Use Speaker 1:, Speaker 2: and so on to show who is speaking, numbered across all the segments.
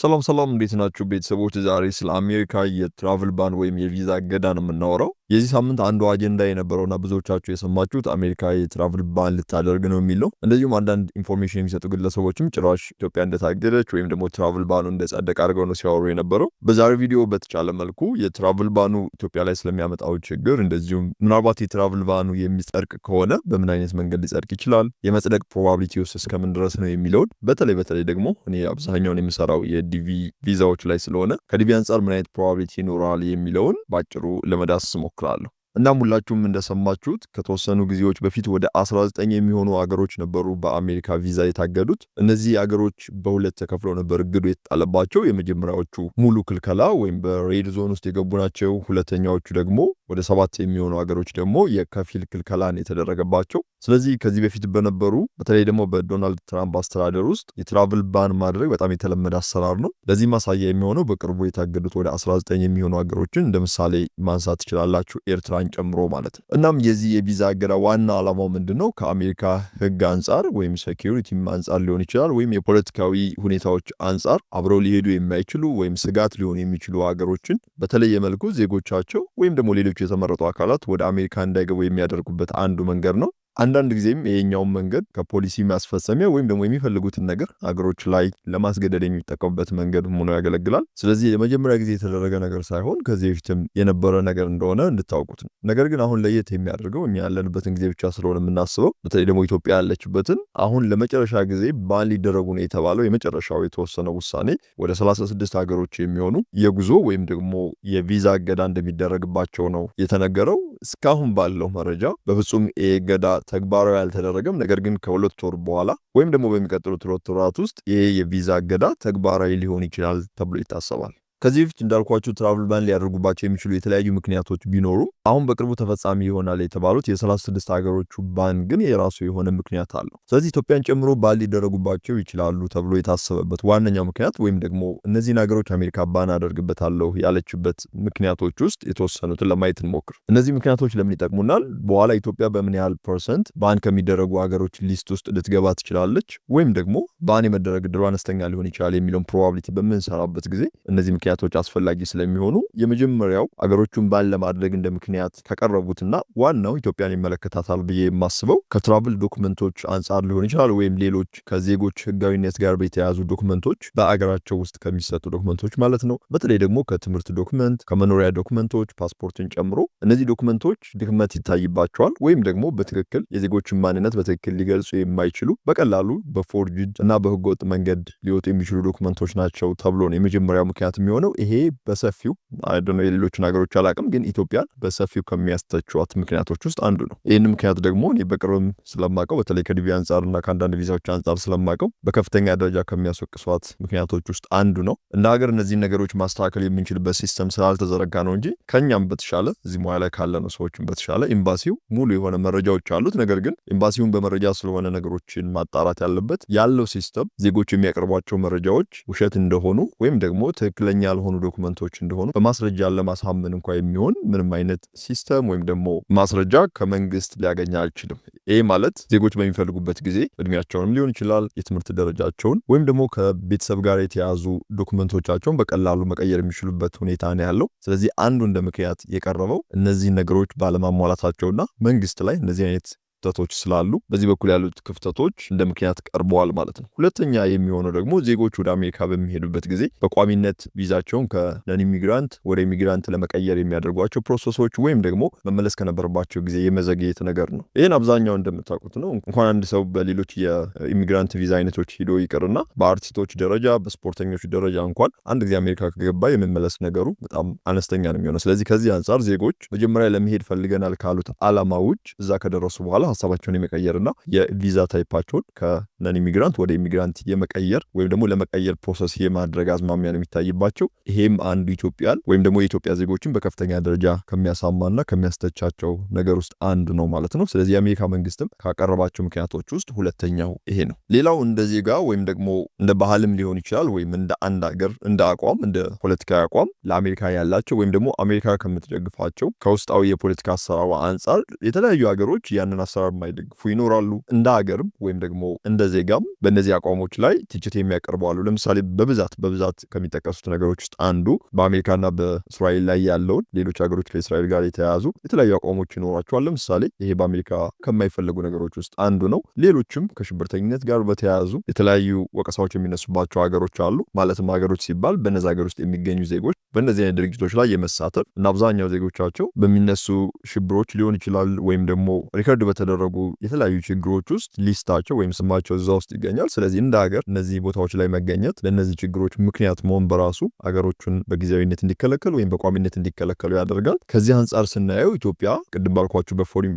Speaker 1: ሰላም ሰላም እንዴት ናችሁ ቤተሰቦች? ዛሬ ስለ አሜሪካ የትራቭል ባን ወይም የቪዛ እገዳ ነው የምናወራው። የዚህ ሳምንት አንዱ አጀንዳ የነበረውና ብዙዎቻችሁ የሰማችሁት አሜሪካ የትራቭል ባን ልታደርግ ነው የሚለው እንደዚሁም አንዳንድ ኢንፎርሜሽን የሚሰጡ ግለሰቦችም ጭራሽ ኢትዮጵያ እንደታገደች ወይም ደግሞ ትራቭል ባኑ እንደጸደቅ አድርገው ነው ሲያወሩ የነበረው። በዛሬ ቪዲዮ በተቻለ መልኩ የትራቭል ባኑ ኢትዮጵያ ላይ ስለሚያመጣው ችግር፣ እንደዚሁም ምናልባት የትራቭል ባኑ የሚጸድቅ ከሆነ በምን አይነት መንገድ ሊጸድቅ ይችላል፣ የመጽደቅ ፕሮባቢሊቲ ውስጥ እስከምን ድረስ ነው የሚለውን በተለይ በተለይ ደግሞ እኔ አብዛኛውን የምሰራው የዲቪ ቪዛዎች ላይ ስለሆነ ከዲቪ አንጻር ምን አይነት ፕሮባቢሊቲ ይኖራል የሚለውን በአጭሩ ለመዳስ ሞክራለሁ። እሞክራለሁ። እናም ሁላችሁም እንደሰማችሁት ከተወሰኑ ጊዜዎች በፊት ወደ 19 የሚሆኑ አገሮች ነበሩ በአሜሪካ ቪዛ የታገዱት። እነዚህ አገሮች በሁለት ተከፍለው ነበር እግዱ የተጣለባቸው። የመጀመሪያዎቹ ሙሉ ክልከላ ወይም በሬድ ዞን ውስጥ የገቡ ናቸው። ሁለተኛዎቹ ደግሞ ወደ ሰባት የሚሆኑ ሀገሮች ደግሞ የከፊል ክልከላን የተደረገባቸው። ስለዚህ ከዚህ በፊት በነበሩ በተለይ ደግሞ በዶናልድ ትራምፕ አስተዳደር ውስጥ የትራቭል ባን ማድረግ በጣም የተለመደ አሰራር ነው። ለዚህ ማሳያ የሚሆነው በቅርቡ የታገዱት ወደ 19 የሚሆኑ ሀገሮችን እንደ ምሳሌ ማንሳት ትችላላችሁ፣ ኤርትራን ጨምሮ ማለት ነው። እናም የዚህ የቪዛ እገዳ ዋና ዓላማው ምንድን ነው? ከአሜሪካ ህግ አንጻር ወይም ሴኪሪቲም አንጻር ሊሆን ይችላል ወይም የፖለቲካዊ ሁኔታዎች አንጻር አብረው ሊሄዱ የማይችሉ ወይም ስጋት ሊሆኑ የሚችሉ ሀገሮችን በተለየ መልኩ ዜጎቻቸው ወይም ደግሞ ሌሎች የተመረጡ አካላት ወደ አሜሪካ እንዳይገቡ የሚያደርጉበት አንዱ መንገድ ነው። አንዳንድ ጊዜም ይሄኛውን መንገድ ከፖሊሲ ማስፈጸሚያ ወይም ደግሞ የሚፈልጉትን ነገር አገሮች ላይ ለማስገደድ የሚጠቀሙበት መንገድ ሆኖ ያገለግላል። ስለዚህ የመጀመሪያ ጊዜ የተደረገ ነገር ሳይሆን ከዚህ በፊትም የነበረ ነገር እንደሆነ እንድታውቁት ነው። ነገር ግን አሁን ለየት የሚያደርገው እኛ ያለንበትን ጊዜ ብቻ ስለሆነ የምናስበው፣ በተለይ ደግሞ ኢትዮጵያ ያለችበትን አሁን ለመጨረሻ ጊዜ ባን ሊደረጉ ነው የተባለው የመጨረሻው የተወሰነ ውሳኔ ወደ 36 ሀገሮች የሚሆኑ የጉዞ ወይም ደግሞ የቪዛ እገዳ እንደሚደረግባቸው ነው የተነገረው። እስካሁን ባለው መረጃ በፍጹም ይህ እገዳ ተግባራዊ አልተደረገም። ነገር ግን ከሁለት ወር በኋላ ወይም ደግሞ በሚቀጥሉት ሁለት ወራት ውስጥ ይሄ የቪዛ እገዳ ተግባራዊ ሊሆን ይችላል ተብሎ ይታሰባል። ከዚህ በፊት እንዳልኳችሁ ትራቭል ባን ሊያደርጉባቸው የሚችሉ የተለያዩ ምክንያቶች ቢኖሩ አሁን በቅርቡ ተፈጻሚ ይሆናል የተባሉት የ36 ሀገሮቹ ባን ግን የራሱ የሆነ ምክንያት አለው። ስለዚህ ኢትዮጵያን ጨምሮ ባን ሊደረጉባቸው ይችላሉ ተብሎ የታሰበበት ዋነኛው ምክንያት ወይም ደግሞ እነዚህን ሀገሮች አሜሪካ ባን አደርግበታለሁ ያለችበት ምክንያቶች ውስጥ የተወሰኑትን ለማየት እንሞክር። እነዚህ ምክንያቶች ለምን ይጠቅሙናል? በኋላ ኢትዮጵያ በምን ያህል ፐርሰንት ባን ከሚደረጉ ሀገሮች ሊስት ውስጥ ልትገባ ትችላለች፣ ወይም ደግሞ ባን የመደረግ ድሮ አነስተኛ ሊሆን ይችላል የሚለውን ፕሮባብሊቲ በምንሰራበት ጊዜ እነዚህ ምክንያቶች አስፈላጊ ስለሚሆኑ የመጀመሪያው አገሮቹን ባን ለማድረግ እንደ ምክንያት ከቀረቡትና ዋናው ኢትዮጵያን ይመለከታታል ብዬ የማስበው ከትራቭል ዶክመንቶች አንጻር ሊሆን ይችላል ወይም ሌሎች ከዜጎች ህጋዊነት ጋር የተያዙ ዶክመንቶች በአገራቸው ውስጥ ከሚሰጡ ዶክመንቶች ማለት ነው። በተለይ ደግሞ ከትምህርት ዶክመንት፣ ከመኖሪያ ዶክመንቶች ፓስፖርትን ጨምሮ እነዚህ ዶክመንቶች ድክመት ይታይባቸዋል ወይም ደግሞ በትክክል የዜጎችን ማንነት በትክክል ሊገልጹ የማይችሉ በቀላሉ በፎርጅድ እና በህገወጥ መንገድ ሊወጡ የሚችሉ ዶክመንቶች ናቸው ተብሎ ነው የመጀመሪያው ምክንያት የሚሆ የሚሆነው ይሄ በሰፊው አይደነ የሌሎችን ሀገሮች አላቅም፣ ግን ኢትዮጵያን በሰፊው ከሚያስተችዋት ምክንያቶች ውስጥ አንዱ ነው። ይህን ምክንያት ደግሞ እኔ በቅርብም ስለማቀው በተለይ ከዲቪ እና ከአንዳንድ ቪዛዎች አንጻር ስለማቀው በከፍተኛ ደረጃ ከሚያስወቅሷት ምክንያቶች ውስጥ አንዱ ነው። እንደ ሀገር እነዚህን ነገሮች ማስተካከል የምንችልበት ሲስተም ስላልተዘረጋ ነው እንጂ ከኛም በተሻለ እዚህ ሙያ ላይ ካለ ነው ሰዎችን በተሻለ ኤምባሲው ሙሉ የሆነ መረጃዎች አሉት። ነገር ግን ኤምባሲውን በመረጃ ስለሆነ ነገሮችን ማጣራት ያለበት ያለው ሲስተም ዜጎች የሚያቀርቧቸው መረጃዎች ውሸት እንደሆኑ ወይም ደግሞ ትክክለኛ ያልሆኑ ዶክመንቶች እንደሆኑ በማስረጃ ለማሳመን እንኳ የሚሆን ምንም አይነት ሲስተም ወይም ደግሞ ማስረጃ ከመንግስት ሊያገኝ አይችልም። ይህ ማለት ዜጎች በሚፈልጉበት ጊዜ እድሜያቸውንም ሊሆን ይችላል፣ የትምህርት ደረጃቸውን ወይም ደግሞ ከቤተሰብ ጋር የተያዙ ዶክመንቶቻቸውን በቀላሉ መቀየር የሚችሉበት ሁኔታ ነው ያለው። ስለዚህ አንዱ እንደ ምክንያት የቀረበው እነዚህ ነገሮች ባለማሟላታቸውና መንግስት ላይ እነዚህ አይነት ክፍተቶች ስላሉ በዚህ በኩል ያሉት ክፍተቶች እንደ ምክንያት ቀርበዋል ማለት ነው። ሁለተኛ የሚሆነው ደግሞ ዜጎች ወደ አሜሪካ በሚሄዱበት ጊዜ በቋሚነት ቪዛቸውን ከነን ኢሚግራንት ወደ ኢሚግራንት ለመቀየር የሚያደርጓቸው ፕሮሰሶች ወይም ደግሞ መመለስ ከነበረባቸው ጊዜ የመዘግየት ነገር ነው። ይህን አብዛኛው እንደምታውቁት ነው። እንኳን አንድ ሰው በሌሎች የኢሚግራንት ቪዛ አይነቶች ሂዶ ይቅርና በአርቲስቶች ደረጃ በስፖርተኞች ደረጃ እንኳን አንድ ጊዜ አሜሪካ ከገባ የመመለስ ነገሩ በጣም አነስተኛ ነው የሚሆነው። ስለዚህ ከዚህ አንጻር ዜጎች መጀመሪያ ለመሄድ ፈልገናል ካሉት አላማ ውጭ እዛ ከደረሱ በኋላ ሀሳባቸውን የመቀየርና የቪዛ ታይፓቸውን ከ ነን ኢሚግራንት ወደ ኢሚግራንት የመቀየር ወይም ደግሞ ለመቀየር ፕሮሰስ የማድረግ አዝማሚያ ነው የሚታይባቸው። ይሄም አንዱ ኢትዮጵያን ወይም ደግሞ የኢትዮጵያ ዜጎችን በከፍተኛ ደረጃ ከሚያሳማና ከሚያስተቻቸው ነገር ውስጥ አንዱ ነው ማለት ነው። ስለዚህ የአሜሪካ መንግስትም ካቀረባቸው ምክንያቶች ውስጥ ሁለተኛው ይሄ ነው። ሌላው እንደ ዜጋ ወይም ደግሞ እንደ ባህልም ሊሆን ይችላል ወይም እንደ አንድ ሀገር እንደ አቋም እንደ ፖለቲካዊ አቋም ለአሜሪካ ያላቸው ወይም ደግሞ አሜሪካ ከምትደግፋቸው ከውስጣዊ የፖለቲካ አሰራሩ አንጻር የተለያዩ ሀገሮች ያንን አሰራር የማይደግፉ ይኖራሉ። እንደ ሀገርም ወይም ደግሞ እንደ ዜጋም በእነዚህ አቋሞች ላይ ትችት የሚያቀርቡ አሉ። ለምሳሌ በብዛት በብዛት ከሚጠቀሱት ነገሮች ውስጥ አንዱ በአሜሪካና በእስራኤል ላይ ያለውን ሌሎች ሀገሮች ከእስራኤል ጋር የተያያዙ የተለያዩ አቋሞች ይኖሯቸዋል። ለምሳሌ ይሄ በአሜሪካ ከማይፈለጉ ነገሮች ውስጥ አንዱ ነው። ሌሎችም ከሽብርተኝነት ጋር በተያያዙ የተለያዩ ወቀሳዎች የሚነሱባቸው ሀገሮች አሉ። ማለትም ሀገሮች ሲባል በነዚ ሀገር ውስጥ የሚገኙ ዜጎች በእነዚህ አይነት ድርጅቶች ላይ የመሳተፍ እና አብዛኛው ዜጎቻቸው በሚነሱ ሽብሮች ሊሆን ይችላል ወይም ደግሞ ሪከርድ በተደረጉ የተለያዩ ችግሮች ውስጥ ሊስታቸው ወይም ስማቸው ናቸው እዛ ውስጥ ይገኛል። ስለዚህ እንደ ሀገር እነዚህ ቦታዎች ላይ መገኘት ለእነዚህ ችግሮች ምክንያት መሆን በራሱ ሀገሮቹን በጊዜያዊነት እንዲከለከሉ ወይም በቋሚነት እንዲከለከሉ ያደርጋል። ከዚህ አንጻር ስናየው ኢትዮጵያ ቅድም ባልኳችሁ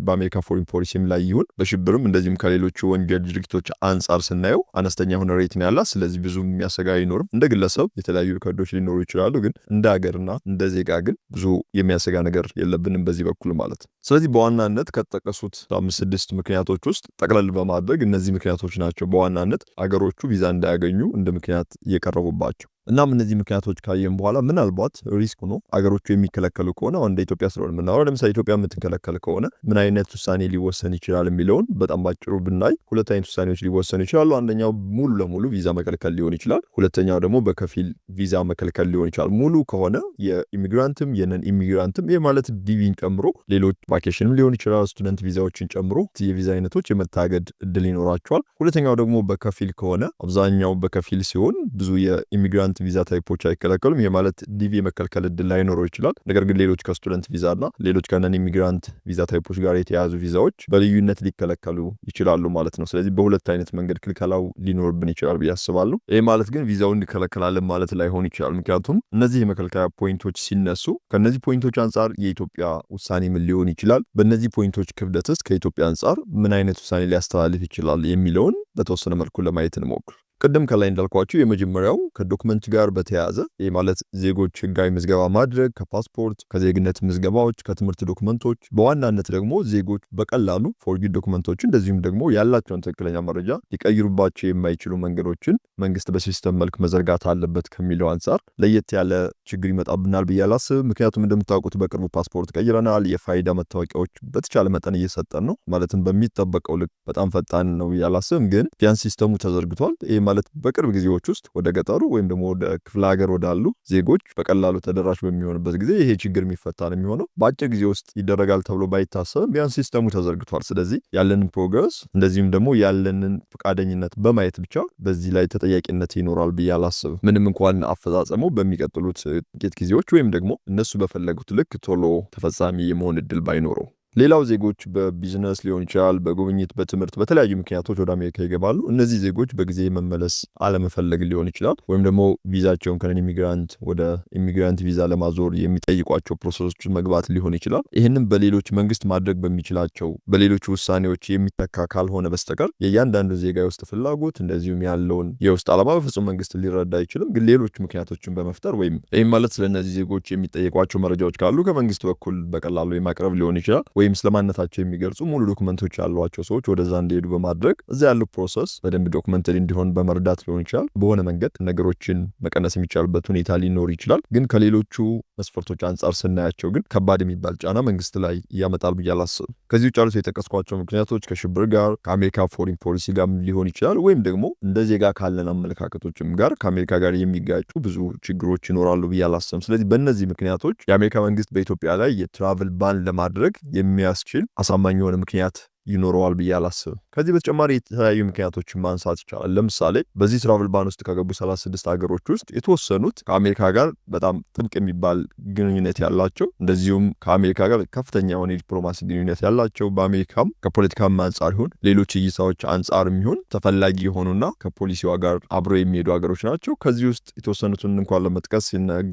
Speaker 1: በአሜሪካ ፎሪን ፖሊሲም ላይ ይሁን በሽብርም እንደዚህም ከሌሎቹ ወንጀል ድርጊቶች አንጻር ስናየው አነስተኛ የሆነ ሬት ነው ያላት። ስለዚህ ብዙ የሚያሰጋ አይኖርም። እንደ ግለሰብ የተለያዩ ከዶች ሊኖሩ ይችላሉ፣ ግን እንደ ሀገርና እንደ ዜጋ ግን ብዙ የሚያሰጋ ነገር የለብንም በዚህ በኩል ማለት ነው። ስለዚህ በዋናነት ከተጠቀሱት አምስት ስድስት ምክንያቶች ውስጥ ጠቅለል በማድረግ እነዚህ ምክንያቶች ናቸው በዋናነት አገሮቹ ቪዛ እንዳያገኙ እንደ ምክንያት እየቀረቡባቸው እናም እነዚህ ምክንያቶች ካየን በኋላ ምናልባት ሪስክ ሆኖ አገሮቹ የሚከለከሉ ከሆነ እንደ ኢትዮጵያ ስለሆነ የምናወራው ለምሳሌ ኢትዮጵያ የምትከለከል ከሆነ ምን አይነት ውሳኔ ሊወሰን ይችላል የሚለውን በጣም ባጭሩ ብናይ ሁለት አይነት ውሳኔዎች ሊወሰኑ ይችላሉ። አንደኛው ሙሉ ለሙሉ ቪዛ መከልከል ሊሆን ይችላል። ሁለተኛው ደግሞ በከፊል ቪዛ መከልከል ሊሆን ይችላል። ሙሉ ከሆነ የኢሚግራንትም የነን ኢሚግራንትም ይህ ማለት ዲቪን ጨምሮ ሌሎች ቫኬሽንም ሊሆን ይችላል ስቱደንት ቪዛዎችን ጨምሮ የቪዛ አይነቶች የመታገድ እድል ይኖራቸዋል። ሁለተኛው ደግሞ በከፊል ከሆነ አብዛኛው በከፊል ሲሆን ብዙ የኢሚግራንት ስቱደንት ቪዛ ታይፖች አይከለከሉም። ይህ ማለት ዲቪ የመከልከል እድል ላይኖረው ይችላል። ነገር ግን ሌሎች ከስቱደንት ቪዛ እና ሌሎች ከነን ኢሚግራንት ቪዛ ታይፖች ጋር የተያያዙ ቪዛዎች በልዩነት ሊከለከሉ ይችላሉ ማለት ነው። ስለዚህ በሁለት አይነት መንገድ ክልከላው ሊኖርብን ይችላል ብዬ አስባለሁ። ይህ ማለት ግን ቪዛውን እንከለከላለን ማለት ላይሆን ይችላል። ምክንያቱም እነዚህ የመከልከያ ፖይንቶች ሲነሱ ከእነዚህ ፖይንቶች አንጻር የኢትዮጵያ ውሳኔ ምን ሊሆን ይችላል፣ በእነዚህ ፖይንቶች ክብደትስ ከኢትዮጵያ አንጻር ምን አይነት ውሳኔ ሊያስተላልፍ ይችላል የሚለውን በተወሰነ መልኩ ለማየት እንሞክር። ቅድም ከላይ እንዳልኳችሁ የመጀመሪያው ከዶክመንት ጋር በተያያዘ ይህ ማለት ዜጎች ህጋዊ ምዝገባ ማድረግ ከፓስፖርት፣ ከዜግነት ምዝገባዎች፣ ከትምህርት ዶክመንቶች በዋናነት ደግሞ ዜጎች በቀላሉ ፎርጂድ ዶክመንቶች እንደዚሁም ደግሞ ያላቸውን ትክክለኛ መረጃ ሊቀይሩባቸው የማይችሉ መንገዶችን መንግስት በሲስተም መልክ መዘርጋት አለበት ከሚለው አንጻር ለየት ያለ ችግር ይመጣብናል ብዬ አላስብም። ምክንያቱም እንደምታውቁት በቅርቡ ፓስፖርት ቀይረናል። የፋይዳ መታወቂያዎች በተቻለ መጠን እየሰጠን ነው። ማለትም በሚጠበቀው ልክ በጣም ፈጣን ነው ብዬ አላስብም። ግን ቢያንስ ሲስተሙ ተዘርግቷል። ማለት በቅርብ ጊዜዎች ውስጥ ወደ ገጠሩ ወይም ደግሞ ወደ ክፍለ ሀገር ወዳሉ ዜጎች በቀላሉ ተደራሽ በሚሆንበት ጊዜ ይሄ ችግር የሚፈታ ነው የሚሆነው። በአጭር ጊዜ ውስጥ ይደረጋል ተብሎ ባይታሰብም ቢያንስ ሲስተሙ ተዘርግቷል። ስለዚህ ያለንን ፕሮግረስ እንደዚሁም ደግሞ ያለንን ፈቃደኝነት በማየት ብቻ በዚህ ላይ ተጠያቂነት ይኖራል ብዬ አላስብም። ምንም እንኳን አፈጻጸሙ በሚቀጥሉት ጥቂት ጊዜዎች ወይም ደግሞ እነሱ በፈለጉት ልክ ቶሎ ተፈጻሚ የመሆን እድል ባይኖረው ሌላው ዜጎች በቢዝነስ ሊሆን ይችላል፣ በጉብኝት፣ በትምህርት፣ በተለያዩ ምክንያቶች ወደ አሜሪካ ይገባሉ። እነዚህ ዜጎች በጊዜ መመለስ አለመፈለግ ሊሆን ይችላል፣ ወይም ደግሞ ቪዛቸውን ከነን ኢሚግራንት ወደ ኢሚግራንት ቪዛ ለማዞር የሚጠይቋቸው ፕሮሰሶች መግባት ሊሆን ይችላል። ይህንም በሌሎች መንግስት ማድረግ በሚችላቸው በሌሎች ውሳኔዎች የሚተካ ካልሆነ በስተቀር የእያንዳንዱ ዜጋ የውስጥ ፍላጎት እንደዚሁም ያለውን የውስጥ ዓላማ በፍጹም መንግስት ሊረዳ አይችልም። ግን ሌሎች ምክንያቶችን በመፍጠር ወይም ይህም ማለት ስለእነዚህ ዜጎች የሚጠየቋቸው መረጃዎች ካሉ ከመንግስት በኩል በቀላሉ የማቅረብ ሊሆን ይችላል ወይም ስለማንነታቸው የሚገልጹ ሙሉ ዶክመንቶች ያሏቸው ሰዎች ወደዛ እንዲሄዱ በማድረግ እዚያ ያለው ፕሮሰስ በደንብ ዶክመንት እንዲሆን በመርዳት ሊሆን ይችላል። በሆነ መንገድ ነገሮችን መቀነስ የሚቻልበት ሁኔታ ሊኖር ይችላል። ግን ከሌሎቹ መስፈርቶች አንጻር ስናያቸው ግን ከባድ የሚባል ጫና መንግስት ላይ እያመጣል ብዬ አላስብም። ከዚህ ውጭ የጠቀስኳቸው ምክንያቶች ከሽብር ጋር ከአሜሪካ ፎሪን ፖሊሲ ጋር ሊሆን ይችላል ወይም ደግሞ እንደ ዜጋ ካለን አመለካከቶችም ጋር ከአሜሪካ ጋር የሚጋጩ ብዙ ችግሮች ይኖራሉ ብዬ አላስብም። ስለዚህ በእነዚህ ምክንያቶች የአሜሪካ መንግስት በኢትዮጵያ ላይ የትራቭል ባን ለማድረግ የሚያስችል አሳማኝ የሆነ ምክንያት ይኖረዋል ብዬ አላስብም። ከዚህ በተጨማሪ የተለያዩ ምክንያቶችን ማንሳት ይቻላል። ለምሳሌ በዚህ ትራቭል ባን ውስጥ ከገቡ 36 ሀገሮች ውስጥ የተወሰኑት ከአሜሪካ ጋር በጣም ጥብቅ የሚባል ግንኙነት ያላቸው፣ እንደዚሁም ከአሜሪካ ጋር ከፍተኛ የሆነ የዲፕሎማሲ ግንኙነት ያላቸው በአሜሪካም ከፖለቲካም አንጻር ይሁን ሌሎች እይታዎች አንጻር የሚሆን ተፈላጊ የሆኑና ከፖሊሲዋ ጋር አብረው የሚሄዱ ሀገሮች ናቸው። ከዚህ ውስጥ የተወሰኑትን እንኳን ለመጥቀስ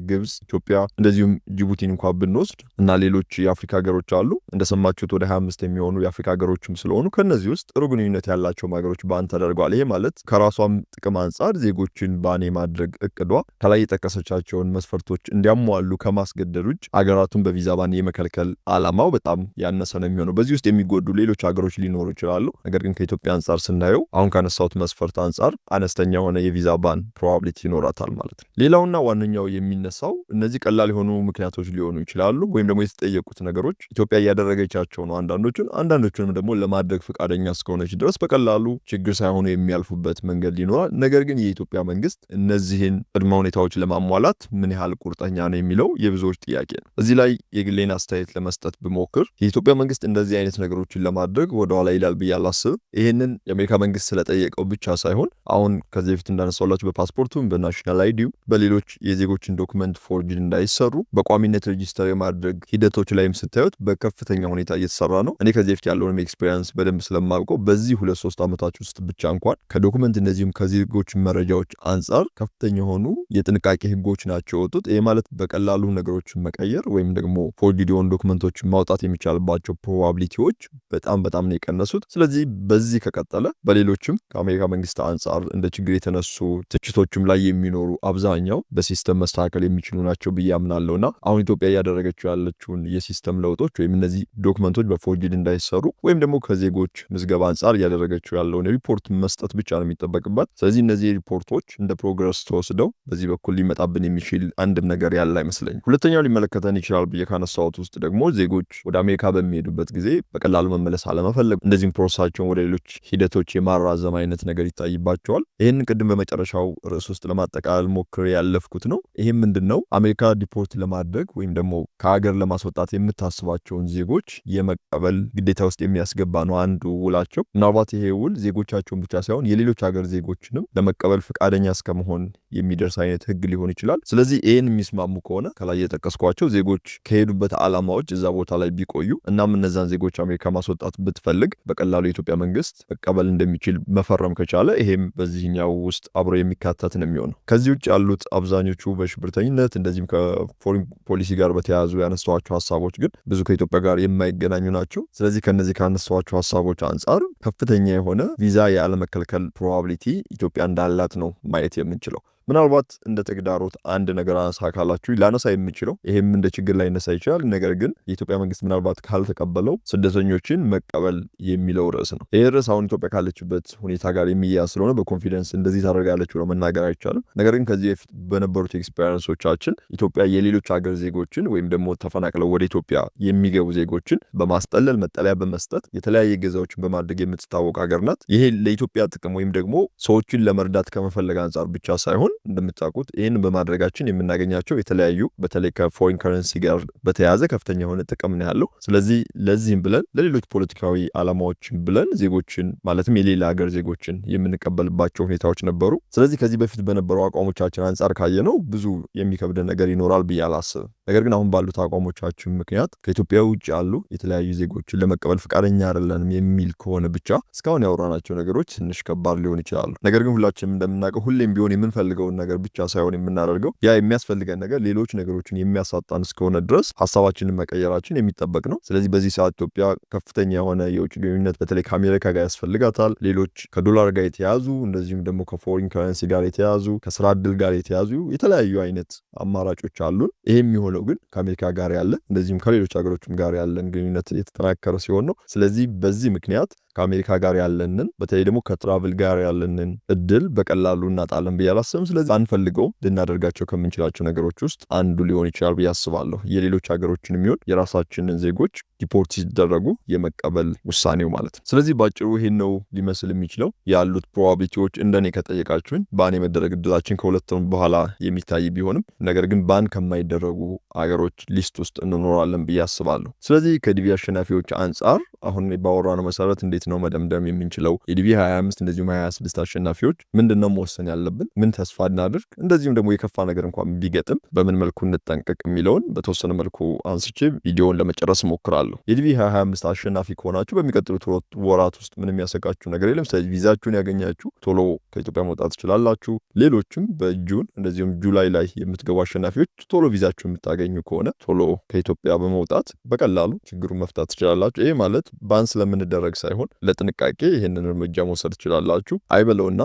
Speaker 1: ግብፅ፣ ኢትዮጵያ እንደዚሁም ጅቡቲን እንኳን ብንወስድ እና ሌሎች የአፍሪካ ሀገሮች አሉ። እንደሰማችሁት ወደ 25 የሚሆኑ የአፍሪካ ሀገሮች ሀገሮችም ስለሆኑ ከነዚህ ውስጥ ጥሩ ግንኙነት ያላቸው ሀገሮች ባን ተደርጓል። ይሄ ማለት ከራሷም ጥቅም አንጻር ዜጎችን ባን የማድረግ እቅዷ ከላይ የጠቀሰቻቸውን መስፈርቶች እንዲያሟሉ ከማስገደድ ውጭ ሀገራቱን በቪዛ ባን የመከልከል አላማው በጣም ያነሰ ነው የሚሆነው። በዚህ ውስጥ የሚጎዱ ሌሎች ሀገሮች ሊኖሩ ይችላሉ። ነገር ግን ከኢትዮጵያ አንጻር ስናየው አሁን ካነሳሁት መስፈርት አንጻር አነስተኛ የሆነ የቪዛ ባን ፕሮባብሊቲ ይኖራታል ማለት ነው። ሌላውና ዋነኛው የሚነሳው እነዚህ ቀላል የሆኑ ምክንያቶች ሊሆኑ ይችላሉ፣ ወይም ደግሞ የተጠየቁት ነገሮች ኢትዮጵያ እያደረገቻቸው ነው አንዳንዶቹን አንዳንዶቹንም ደግሞ ተግባራቸውን ለማድረግ ፈቃደኛ እስከሆነች ድረስ በቀላሉ ችግር ሳይሆኑ የሚያልፉበት መንገድ ሊኖራል። ነገር ግን የኢትዮጵያ መንግስት እነዚህን ቅድመ ሁኔታዎች ለማሟላት ምን ያህል ቁርጠኛ ነው የሚለው የብዙዎች ጥያቄ ነው። እዚህ ላይ የግሌን አስተያየት ለመስጠት ብሞክር የኢትዮጵያ መንግስት እንደዚህ አይነት ነገሮችን ለማድረግ ወደኋላ ይላል ብዬ አላስብም። ይህንን የአሜሪካ መንግስት ስለጠየቀው ብቻ ሳይሆን አሁን ከዚህ በፊት እንዳነሳላቸው በፓስፖርቱም በናሽናል አይዲው በሌሎች የዜጎችን ዶክመንት ፎርጅድ እንዳይሰሩ በቋሚነት ሬጂስተር የማድረግ ሂደቶች ላይም ስታዩት በከፍተኛ ሁኔታ እየተሰራ ነው። እኔ ከዚህ በፊት ያለውንም ኤክስፔሪንስ በደንብ ስለማውቀው በዚህ ሁለት ሶስት ዓመታች ውስጥ ብቻ እንኳን ከዶክመንት እንደዚሁም ከዜጎች መረጃዎች አንጻር ከፍተኛ የሆኑ የጥንቃቄ ህጎች ናቸው የወጡት። ይህ ማለት በቀላሉ ነገሮችን መቀየር ወይም ደግሞ ፎርጅድ የሆኑ ዶክመንቶችን ማውጣት የሚቻልባቸው ፕሮባብሊቲዎች በጣም በጣም ነው የቀነሱት። ስለዚህ በዚህ ከቀጠለ በሌሎችም ከአሜሪካ መንግስት አንጻር እንደ ችግር የተነሱ ትችቶችም ላይ የሚኖሩ አብዛኛው በሲስተም መስተካከል የሚችሉ ናቸው ብዬ አምናለሁ እና አሁን ኢትዮጵያ እያደረገችው ያለችውን የሲስተም ለውጦች ወይም እነዚህ ዶክመንቶች በፎርጅድ እንዳይሰሩ ወይም ደግሞ ከዜጎች ምዝገባ አንጻር እያደረገችው ያለውን ሪፖርት መስጠት ብቻ ነው የሚጠበቅባት። ስለዚህ እነዚህ ሪፖርቶች እንደ ፕሮግረስ ተወስደው በዚህ በኩል ሊመጣብን የሚችል አንድም ነገር ያለ አይመስለኝ። ሁለተኛው ሊመለከተን ይችላል ብዬ ካነሳሁት ውስጥ ደግሞ ዜጎች ወደ አሜሪካ በሚሄዱበት ጊዜ በቀላሉ መመለስ አለመፈለጉ፣ እንደዚህም ፕሮሰሳቸውን ወደ ሌሎች ሂደቶች የማራዘም አይነት ነገር ይታይባቸዋል። ይህን ቅድም በመጨረሻው ርዕስ ውስጥ ለማጠቃለል ሞክር ያለፍኩት ነው። ይህም ምንድን ነው አሜሪካ ዲፖርት ለማድረግ ወይም ደግሞ ከሀገር ለማስወጣት የምታስባቸውን ዜጎች የመቀበል ግዴታ ውስጥ የሚያስ ያስገባ ነው አንዱ ውላቸው። ምናልባት ይሄ ውል ዜጎቻቸውን ብቻ ሳይሆን የሌሎች ሀገር ዜጎችንም ለመቀበል ፈቃደኛ እስከመሆን የሚደርስ አይነት ህግ ሊሆን ይችላል። ስለዚህ ይህን የሚስማሙ ከሆነ ከላይ የጠቀስኳቸው ዜጎች ከሄዱበት ዓላማዎች እዛ ቦታ ላይ ቢቆዩ እናም እነዛን ዜጎች አሜሪካ ማስወጣት ብትፈልግ በቀላሉ የኢትዮጵያ መንግስት መቀበል እንደሚችል መፈረም ከቻለ ይሄም በዚህኛው ውስጥ አብሮ የሚካተት ነው የሚሆነው። ከዚህ ውጭ ያሉት አብዛኞቹ በሽብርተኝነት እንደዚህም ከፎሪን ፖሊሲ ጋር በተያያዙ ያነስተዋቸው ሀሳቦች ግን ብዙ ከኢትዮጵያ ጋር የማይገናኙ ናቸው። ስለዚህ ከነዚህ ከአነስ ካነሷቸው ሀሳቦች አንጻር ከፍተኛ የሆነ ቪዛ ያለመከልከል ፕሮባብሊቲ ኢትዮጵያ እንዳላት ነው ማየት የምንችለው። ምናልባት እንደ ተግዳሮት አንድ ነገር አነሳ ካላችሁ ላነሳ የምችለው ይሄም እንደ ችግር ላይነሳ ይችላል። ነገር ግን የኢትዮጵያ መንግስት ምናልባት ካልተቀበለው ስደተኞችን መቀበል የሚለው ርዕስ ነው። ይህ ርዕስ አሁን ኢትዮጵያ ካለችበት ሁኔታ ጋር የሚያ ስለሆነ በኮንፊደንስ እንደዚህ ታደርጋለች ብሎ መናገር አይቻልም። ነገር ግን ከዚህ በፊት በነበሩት ኤክስፔሪንሶቻችን ኢትዮጵያ የሌሎች ሀገር ዜጎችን ወይም ደግሞ ተፈናቅለው ወደ ኢትዮጵያ የሚገቡ ዜጎችን በማስጠለል መጠለያ በመስጠት የተለያየ ገዛዎችን በማድረግ የምትታወቅ ሀገር ናት። ይሄ ለኢትዮጵያ ጥቅም ወይም ደግሞ ሰዎችን ለመርዳት ከመፈለግ አንጻር ብቻ ሳይሆን እንደምታውቁት ይህን በማድረጋችን የምናገኛቸው የተለያዩ በተለይ ከፎሪን ከረንሲ ጋር በተያያዘ ከፍተኛ የሆነ ጥቅም ነው ያለው። ስለዚህ ለዚህም ብለን ለሌሎች ፖለቲካዊ አላማዎችን ብለን ዜጎችን ማለትም የሌላ ሀገር ዜጎችን የምንቀበልባቸው ሁኔታዎች ነበሩ። ስለዚህ ከዚህ በፊት በነበረው አቋሞቻችን አንጻር ካየነው ብዙ የሚከብድ ነገር ይኖራል ብዬ አላስብም። ነገር ግን አሁን ባሉት አቋሞቻችን ምክንያት ከኢትዮጵያ ውጭ ያሉ የተለያዩ ዜጎችን ለመቀበል ፈቃደኛ አይደለንም የሚል ከሆነ ብቻ እስካሁን ያወራናቸው ነገሮች ትንሽ ከባድ ሊሆን ይችላሉ። ነገር ግን ሁላችንም እንደምናውቀው ሁሌም ቢሆን የምንፈልገውን ነገር ብቻ ሳይሆን የምናደርገው ያ የሚያስፈልገን ነገር ሌሎች ነገሮችን የሚያሳጣን እስከሆነ ድረስ ሀሳባችንን መቀየራችን የሚጠበቅ ነው። ስለዚህ በዚህ ሰዓት ኢትዮጵያ ከፍተኛ የሆነ የውጭ ግንኙነት በተለይ ከአሜሪካ ጋር ያስፈልጋታል። ሌሎች ከዶላር ጋር የተያዙ እንደዚሁም ደግሞ ከፎሪን ከረንሲ ጋር የተያዙ ከስራ እድል ጋር የተያዙ የተለያዩ አይነት አማራጮች አሉን። ይሄም የሆነ የምንለው ግን ከአሜሪካ ጋር ያለ እንደዚሁም ከሌሎች ሀገሮችም ጋር ያለን ግንኙነት የተጠናከረ ሲሆን ነው። ስለዚህ በዚህ ምክንያት ከአሜሪካ ጋር ያለንን በተለይ ደግሞ ከትራቭል ጋር ያለንን እድል በቀላሉ እናጣለን ብዬ አላስብም። ስለዚህ አንፈልገውም ልናደርጋቸው ከምንችላቸው ነገሮች ውስጥ አንዱ ሊሆን ይችላል ብዬ አስባለሁ። የሌሎች ሀገሮችን የሚሆን የራሳችንን ዜጎች ዲፖርት ሲደረጉ የመቀበል ውሳኔው ማለት ነው። ስለዚህ በአጭሩ ይህን ነው ሊመስል የሚችለው ያሉት ፕሮባቢሊቲዎች። እንደኔ ከጠየቃችሁኝ ባን የመደረግ እድላችን ከሁለት በኋላ የሚታይ ቢሆንም ነገር ግን ባን ከማይደረጉ አገሮች ሊስት ውስጥ እንኖራለን ብዬ አስባለሁ። ስለዚህ ከዲቪ አሸናፊዎች አንጻር አሁን ባወራነው መሰረት እንዴት ነው መደምደም የምንችለው የዲቪ 25 እንደዚሁም 26 አሸናፊዎች ምንድን ነው መወሰን ያለብን? ምን ተስፋ እናድርግ? እንደዚሁም ደግሞ የከፋ ነገር እንኳን ቢገጥም በምን መልኩ እንጠንቀቅ የሚለውን በተወሰነ መልኩ አንስቼ ቪዲዮውን ለመጨረስ እሞክራለሁ። አመሰግናለሁ። የዲቪ 2025 አሸናፊ ከሆናችሁ በሚቀጥሉት ወራት ውስጥ ምንም ያሰጋችሁ ነገር የለም። ስለዚህ ቪዛችሁን ያገኛችሁ ቶሎ ከኢትዮጵያ መውጣት ትችላላችሁ። ሌሎችም በጁን እንደዚሁም ጁላይ ላይ የምትገቡ አሸናፊዎች ቶሎ ቪዛችሁ የምታገኙ ከሆነ ቶሎ ከኢትዮጵያ በመውጣት በቀላሉ ችግሩን መፍታት ትችላላችሁ። ይህ ማለት ባን ስለምንደረግ ሳይሆን ለጥንቃቄ ይህንን እርምጃ መውሰድ ትችላላችሁ። አይበለውና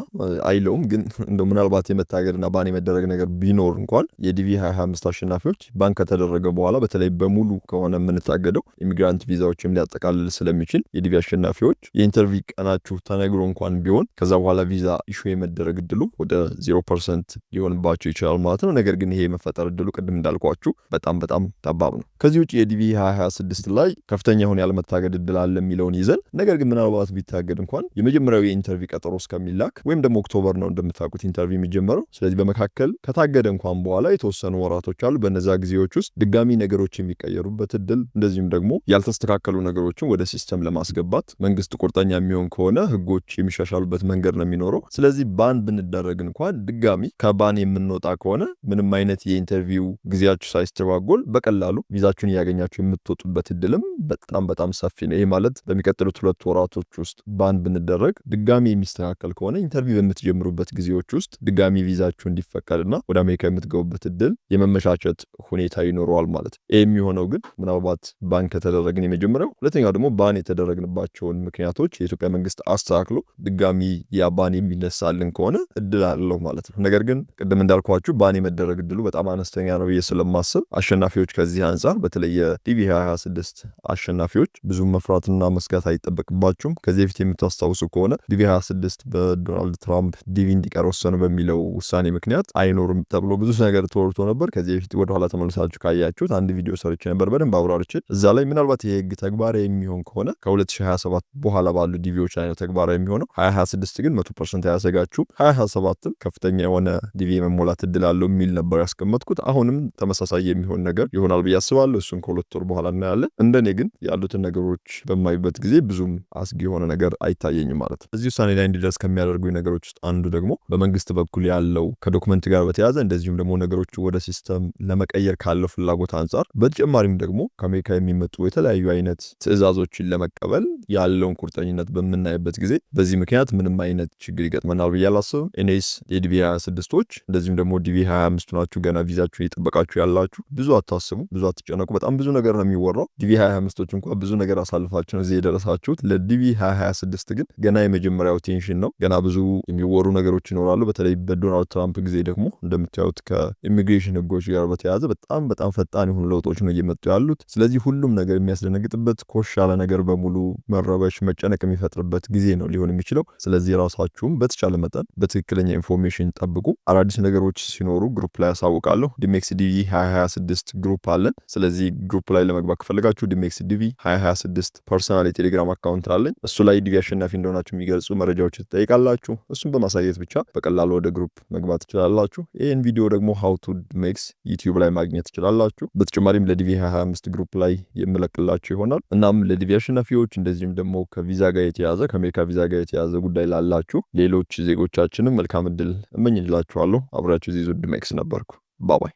Speaker 1: አይለውም ግን እንደ ምናልባት የመታገድና ባን የመደረግ ነገር ቢኖር እንኳን የዲቪ 2025 አሸናፊዎች ባን ከተደረገ በኋላ በተለይ በሙሉ ከሆነ የምንታገደው የኢሚግራንት ቪዛዎችም ሊያጠቃልል ስለሚችል የዲቪ አሸናፊዎች የኢንተርቪ ቀናችሁ ተነግሮ እንኳን ቢሆን ከዛ በኋላ ቪዛ ኢሹ የመደረግ እድሉ ወደ ዜሮ ፐርሰንት ሊሆንባቸው ይችላል ማለት ነው። ነገር ግን ይሄ የመፈጠር እድሉ ቅድም እንዳልኳችሁ በጣም በጣም ጠባብ ነው። ከዚህ ውጭ የዲቪ 2026 ላይ ከፍተኛ የሆነ ያለመታገድ እድል አለ የሚለውን ይዘን ነገር ግን ምናልባት ቢታገድ እንኳን የመጀመሪያው የኢንተርቪ ቀጠሮ እስከሚላክ ወይም ደግሞ ኦክቶበር ነው እንደምታውቁት ኢንተርቪ የሚጀመረው። ስለዚህ በመካከል ከታገደ እንኳን በኋላ የተወሰኑ ወራቶች አሉ። በነዛ ጊዜዎች ውስጥ ድጋሚ ነገሮች የሚቀየሩበት እድል እንደዚሁም ደግሞ ያልተስተካከሉ ነገሮችን ወደ ሲስተም ለማስገባት መንግስት ቁርጠኛ የሚሆን ከሆነ ህጎች የሚሻሻሉበት መንገድ ነው የሚኖረው። ስለዚህ ባን ብንደረግ እንኳን ድጋሚ ከባን የምንወጣ ከሆነ ምንም አይነት የኢንተርቪው ጊዜያችሁ ሳይስተጓጎል በቀላሉ ቪዛችሁን እያገኛችሁ የምትወጡበት እድልም በጣም በጣም ሰፊ ነው። ይህ ማለት በሚቀጥሉት ሁለት ወራቶች ውስጥ ባን ብንደረግ ድጋሚ የሚስተካከል ከሆነ ኢንተርቪው በምትጀምሩበት ጊዜዎች ውስጥ ድጋሚ ቪዛችሁ እንዲፈቀድና ወደ አሜሪካ የምትገቡበት እድል የመመቻቸት ሁኔታ ይኖረዋል ማለት። ይህ የሚሆነው ግን ምናልባት ባን ከተ ተደረግን የመጀመሪያው። ሁለተኛው ደግሞ ባን የተደረግንባቸውን ምክንያቶች የኢትዮጵያ መንግስት አስተካክሎ ድጋሚ ያ ባን የሚነሳልን ከሆነ እድል አለው ማለት ነው። ነገር ግን ቅድም እንዳልኳችሁ ባን የመደረግ እድሉ በጣም አነስተኛ ነው ብዬ ስለማስብ አሸናፊዎች ከዚህ አንጻር በተለይ የዲቪ 26 አሸናፊዎች ብዙ መፍራትና መስጋት አይጠበቅባቸውም። ከዚህ በፊት የምታስታውሱ ከሆነ ዲቪ 26 በዶናልድ ትራምፕ ዲቪ እንዲቀር ወሰኑ በሚለው ውሳኔ ምክንያት አይኖርም ተብሎ ብዙ ነገር ተወርቶ ነበር። ከዚህ በፊት ወደኋላ ተመልሳችሁ ካያችሁት አንድ ቪዲዮ ሰርች ነበር በደንብ አብራርቼ እዛ ላይ ምን ምናልባት የህግ ተግባር የሚሆን ከሆነ ከ2027 በኋላ ባሉ ዲቪዎች ላይ ነው ተግባራዊ የሚሆነው። 2026 ግን 100 ፐርሰንት አያሰጋችሁም። 2027ም ከፍተኛ የሆነ ዲቪ መሞላት እድል አለው የሚል ነበር ያስቀመጥኩት። አሁንም ተመሳሳይ የሚሆን ነገር ይሆናል ብዬ አስባለሁ። እሱን ከሁለት ወር በኋላ እናያለን። እንደኔ ግን ያሉትን ነገሮች በማይበት ጊዜ ብዙም አስጊ የሆነ ነገር አይታየኝም ማለት ነው። እዚህ ውሳኔ ላይ እንዲደርስ ከሚያደርጉ ነገሮች ውስጥ አንዱ ደግሞ በመንግስት በኩል ያለው ከዶክመንት ጋር በተያያዘ እንደዚሁም ደግሞ ነገሮች ወደ ሲስተም ለመቀየር ካለው ፍላጎት አንጻር በተጨማሪም ደግሞ ከአሜሪካ የሚመጡ የተለያዩ አይነት ትዕዛዞችን ለመቀበል ያለውን ቁርጠኝነት በምናይበት ጊዜ በዚህ ምክንያት ምንም አይነት ችግር ይገጥመናል ብዬ አላስብም። እኔስ የዲቪ 26ቶች እንደዚሁም ደግሞ ዲቪ 25 ናችሁ ገና ቪዛችሁን እየጠበቃችሁ ያላችሁ ብዙ አታስቡ፣ ብዙ አትጨነቁ። በጣም ብዙ ነገር ነው የሚወራው። ዲቪ 25ቶች እንኳ ብዙ ነገር አሳልፋችሁ ነው እዚህ የደረሳችሁት። ለዲቪ 26 ግን ገና የመጀመሪያው ቴንሽን ነው። ገና ብዙ የሚወሩ ነገሮች ይኖራሉ። በተለይ በዶናልድ ትራምፕ ጊዜ ደግሞ እንደምታዩት ከኢሚግሬሽን ህጎች ጋር በተያያዘ በጣም በጣም ፈጣን የሆኑ ለውጦች ነው እየመጡ ያሉት። ስለዚህ ሁሉም ነገር የሚያስደነግጥበት ኮሽ ያለ ነገር በሙሉ መረበሽ፣ መጨነቅ የሚፈጥርበት ጊዜ ነው ሊሆን የሚችለው። ስለዚህ ራሳችሁም በተቻለ መጠን በትክክለኛ ኢንፎርሜሽን ጠብቁ። አዳዲስ ነገሮች ሲኖሩ ግሩፕ ላይ ያሳውቃለሁ። ዲሜክስ ዲቪ 2026 ግሩፕ አለን። ስለዚህ ግሩፕ ላይ ለመግባት ከፈለጋችሁ ዲሜክስ ዲቪ 2026 ፐርሰናል የቴሌግራም አካውንት አለኝ። እሱ ላይ ዲቪ አሸናፊ እንደሆናችሁ የሚገልጹ መረጃዎች ትጠይቃላችሁ። እሱም በማሳየት ብቻ በቀላሉ ወደ ግሩፕ መግባት ትችላላችሁ። ይህን ቪዲዮ ደግሞ ሀውቱ ሜክስ ዩቲዩብ ላይ ማግኘት ትችላላችሁ። በተጨማሪም ለዲቪ 25 ግሩፕ ላይ የምለ የምንለቅላቸው ይሆናል። እናም ለዲቪ አሸናፊዎች እንደዚሁም ደግሞ ከቪዛ ጋር የተያዘ ከአሜሪካ ቪዛ ጋር የተያዘ ጉዳይ ላላችሁ ሌሎች ዜጎቻችንም መልካም እድል እመኝላችኋለሁ። አብራችሁ ዚዙ ድሜክስ ነበርኩ። ባባይ